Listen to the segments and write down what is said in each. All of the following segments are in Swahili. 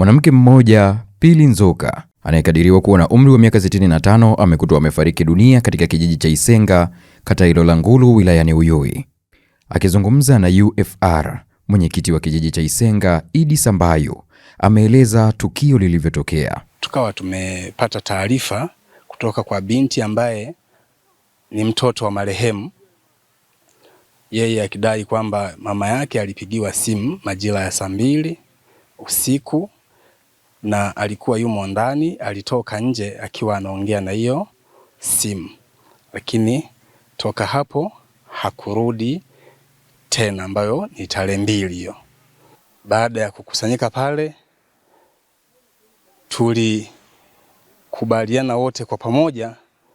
Mwanamke mmoja Pili Nzoka anayekadiriwa kuwa na umri wa miaka 65 amekutwa amefariki dunia katika kijiji cha Isenga, kata hilo la Ngulu, wilayani Uyui. Akizungumza na UFR, mwenyekiti wa kijiji cha Isenga Idi Sambayo ameeleza tukio lilivyotokea. Tukawa tumepata taarifa kutoka kwa binti ambaye ni mtoto wa marehemu, yeye akidai kwamba mama yake alipigiwa simu majira ya saa mbili usiku na alikuwa yumo ndani, alitoka nje akiwa anaongea na hiyo simu, lakini toka hapo hakurudi tena, ambayo ni tarehe mbili hiyo. Baada ya kukusanyika pale, tulikubaliana wote kwa pamoja,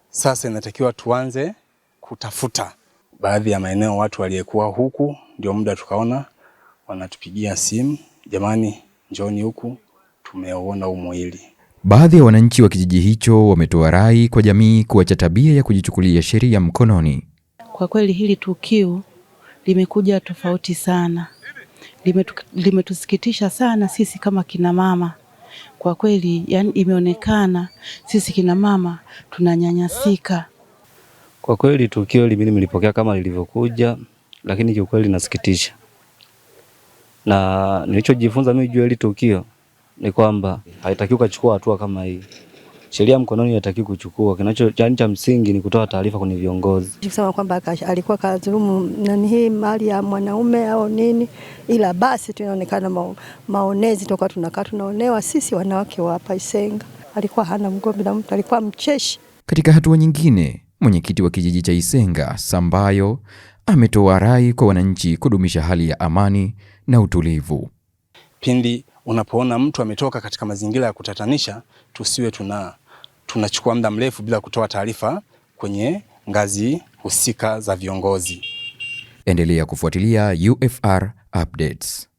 sasa inatakiwa tuanze kutafuta baadhi ya maeneo watu waliyekuwa huku. Ndio muda tukaona wanatupigia simu, jamani, njoni huku tumeuona huu mwili. Baadhi ya wananchi wa kijiji hicho wametoa rai kwa jamii kuacha tabia ya kujichukulia sheria mkononi. Kwa kweli hili tukio limekuja tofauti sana, limetusikitisha sana sisi kama kina mama kwa kweli. Yani imeonekana sisi kina mama tunanyanyasika kwa kweli. Tukio mimi nilipokea kama lilivyokuja, lakini kiukweli linasikitisha, na nilichojifunza mimi juu ya hili tukio ni kwamba haitakiwi kuchukua hatua kama hii. Sheria mkononi haitaki kuchukua. Kinacho cha msingi ni kutoa taarifa kwenye viongozi, kusema kwamba alikuwa kadhulumu nani hii mali ya mwanaume au nini, ila basi tunaonekana ma, maonezi toka tunakaa tunaonewa sisi wanawake wa hapa Isenga. Alikuwa hana mgomvi na mtu, alikuwa mcheshi. Katika hatua nyingine, mwenyekiti wa kijiji cha Isenga Sambayo ametoa rai kwa wananchi kudumisha hali ya amani na utulivu pindi unapoona mtu ametoka katika mazingira ya kutatanisha, tusiwe tuna tunachukua muda mrefu bila kutoa taarifa kwenye ngazi husika za viongozi. Endelea kufuatilia UFR updates.